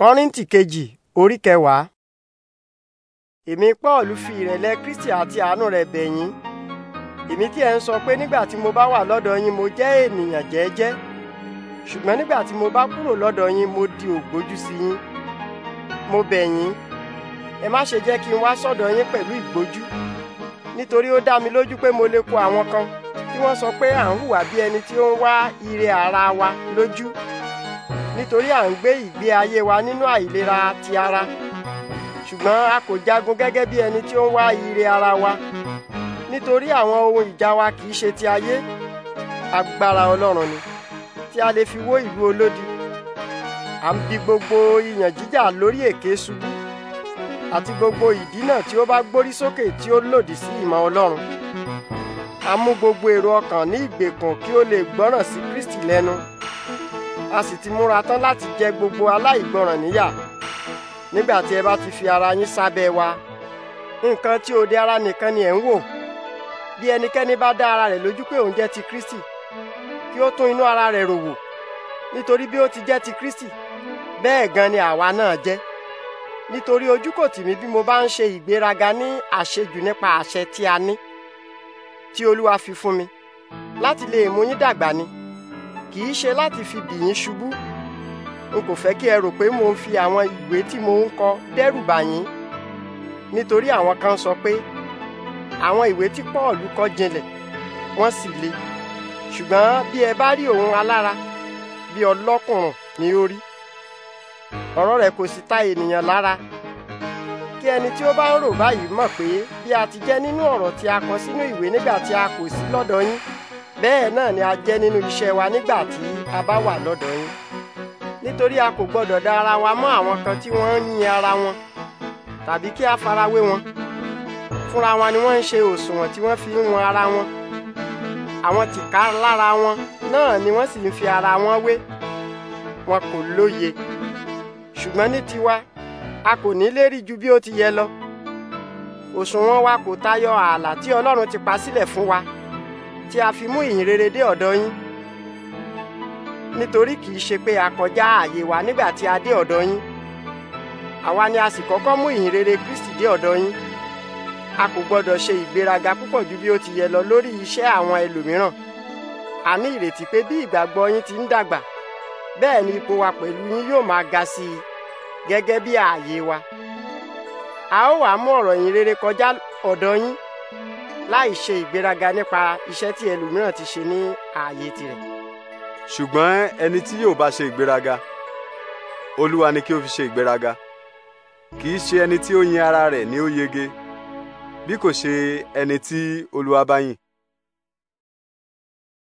kọ́ríntì kejì orí kẹwàá. èmi paul fi ìrẹ̀lẹ̀ kristi àti àánú rẹ̀ bẹ̀ yín èmi tí ẹ ń sọ pé nígbà tí mo bá wà lọ́dọ̀ yín mo jẹ́ ènìyàn jẹ́ẹ́jẹ́ ṣùgbọ́n nígbà tí mo bá kúrò lọ́dọ̀ yín mo di ògbójú sí yín mo bẹ̀ yín ẹ má ṣe jẹ́ kí n wá sọ́dọ̀ yín pẹ̀lú ìgbójú nítorí ó dá mi lójú pé mo lè kó àwọn kan tí wọ́n sọ pé à ń hùwà bí ẹni tí ó ń wá ire ara wa lójú nítorí à ń gbé ìgbé ayé wa nínú àìlera ti ara ṣùgbọ́n a kò jagun gẹ́gẹ́ bí ẹni tí ó ń wá ire ara wa nítorí àwọn ohun ìjà wa kì í ṣe ti ayé agbára Ọlọ́run ni tí a lè fi wó ìlú olódi à ń bi gbogbo ìyàn jíjà lórí èké ṣubú àti gbogbo ìdínà tí ó bá gbórí sókè tí ó lòdì sí ìmọ̀ Ọlọ́run a mú gbogbo èrò ọkàn ní ìgbèkùn kí ó lè gbọ́ràn sí Kristi lẹ́nu a sì ti múra tán láti jẹ gbogbo aláìgbọràn níyà nígbà tí ẹ bá ti fi ara yín sábẹ́ wa nǹkan tí òde ara nìkan ni ẹ̀ ń wò bí ẹnikẹ́ni bá dá ara rẹ̀ lójú pé òun jẹ́ ti Kristi kí ó tún inú ara rẹ̀ rò wò nítorí bí ó ti jẹ́ ti Kristi bẹ́ẹ̀ gan ni àwa náà jẹ́ nítorí ojú kò tì mí bí mo bá ń ṣe ìgbéraga ní àṣejù nípa àṣẹ tí a ní tí Olúwa fi fún mi láti lè mú yín dàgbà ni kì í ṣe láti fi bì yín ṣubú n kò fẹ́ kí ẹ rò pé mo ń fi àwọn ìwé tí mo ń kọ dẹ́rù bà yín nítorí àwọn kan sọ pé àwọn ìwé tí Paul kọ jinlẹ̀ wọ́n sì le ṣùgbọ́n bí ẹ bá rí òun alára bí ọlọ́kùnrùn ni ó rí ọ̀rọ̀ rẹ̀ kò sì ta ènìyàn lára kí ẹni tí ó bá ń rò báyìí mọ̀ pé bí a ti jẹ́ nínú ọ̀rọ̀ tí a kọ sínú ìwé nígbà tí a kò sí lọ́dọ̀ yín bẹ́ẹ̀ náà ni a jẹ́ nínú iṣẹ́ wa nígbà tí a bá wà lọ́dọ̀ yín nítorí a kò gbọ́dọ̀ da ara wa mọ́ àwọn kan tí wọ́n ń yin ara wọn tàbí kí a farawé wọn fúnra wọn ni wọ́n ń ṣe òṣùwọ̀n tí wọ́n fi ń wọn ara wọn àwọn tìka lára wọn náà ni wọ́n sì ń fi ara wọn wé wọn kò lóye ṣùgbọ́n ní tiwa a kò ní lérí ju bí ó ti yẹ lọ òṣùwọ̀n wa kò tayọ ààlà tí Ọlọ́run ti pa sílẹ̀ fún wa tí a fi mú ìyìn rere dé ọ̀dọ̀ yín nítorí kì í ṣe pé a kọjá ààyè wa nígbà tí a dé ọ̀dọ̀ yín àwa ni a sì kọ́kọ́ mú ìyìn rere Kristi dé ọ̀dọ̀ yín a kò gbọdọ̀ ṣe ìgbéraga púpọ̀ ju bí ó ti yẹ lọ lórí iṣẹ́ àwọn ẹlòmíràn a ní ìrètí pé bí ìgbàgbọ́ yín ti ń dàgbà bẹ́ẹ̀ ni ipò wa pẹ̀lú yín yóò máa ga sí i gẹ́gẹ́ bí ààyè wa a ó wàá mú ọ̀rọ̀ ìyìn rere kọjá ọ̀dọ̀ yín láì ṣe ìgbéraga nípa iṣẹ́ tí ẹlòmíràn ti ṣe ní ààyè tirẹ̀. ṣùgbọ́n ẹni tí yóò bá ṣe ìgbéraga olúwa ni kí ó fi ṣe ìgbéraga kì í ṣe ẹni tí ó yin ara rẹ̀ ni ó yege bí kò ṣe ẹni tí olúwa bá yìn.